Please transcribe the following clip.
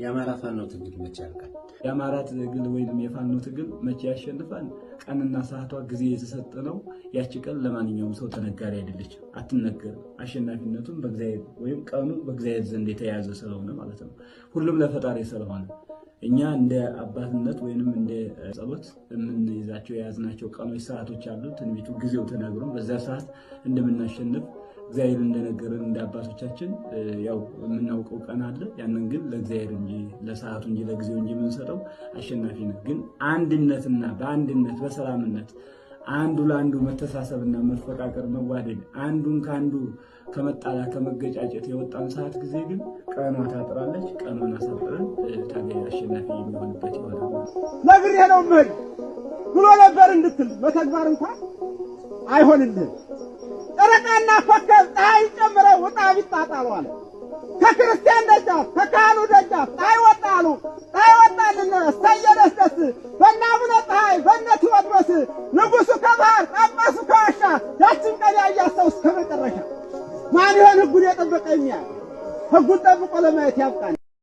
የአማራ ፋኖ ትግል መቼ ያልቃል? የአማራ ትግል ወይም የፋኖ ትግል መቼ ያሸንፋል? ቀንና ሰዓቷ ጊዜ የተሰጠ ነው። ያቺ ቀን ለማንኛውም ሰው ተነጋሪ አይደለች፣ አትነገርም። አሸናፊነቱም በእግዚአብሔር ወይም ቀኑ በእግዚአብሔር ዘንድ የተያዘ ስለሆነ ማለት ነው። ሁሉም ለፈጣሪ ስለሆነ እኛ እንደ አባትነት ወይንም እንደ ጸሎት የምንይዛቸው የያዝናቸው ቀኖች፣ ሰዓቶች አሉ። ትንቢቱ ጊዜው ተነግሮም በዛ ሰዓት እንደምናሸንፍ እግዚአብሔር እንደነገረን እንደ አባቶቻችን ያው የምናውቀው ቀን አለ። ያንን ግን ለእግዚአብሔር እንጂ ለሰዓቱ እንጂ ለጊዜው እንጂ የምንሰጠው አሸናፊ ነው። ግን አንድነትና በአንድነት በሰላምነት አንዱ ለአንዱ መተሳሰብና መፈቃቀር፣ መዋደድ አንዱን ከአንዱ ከመጣላ ከመገጫጨት የወጣን ሰዓት ጊዜ ግን ቀኗ ታጥራለች። ቀኗን አሳጥረን ታገኝ አሸናፊ የሚሆንበት ይሆናል። ነግሬህ ነው ምህል ብሎ ነበር እንድትል በተግባር እንኳን አይሆንልህም። ወጣና ኮከብ ፀሐይ ጨምረህ ውጣ ቢጣጣሉ አለ። ከክርስቲያን ደጃፍ ከካህኑ ደጃፍ ፀሐይ ወጣሉ አሉ። ፀሐይ ወጣልን እሰየ ደስ ደስ በእነ አቡነ ፀሐይ በእነ ቴዎድሮስ ንጉሡ ከባህር ጳጳሱ ከዋሻ ያችን ቀን ያያሰው እስከ መጨረሻ ማን ይሆን ህጉን የጠበቀ የሚያል ህጉን ጠብቆ ለማየት ያብቃል።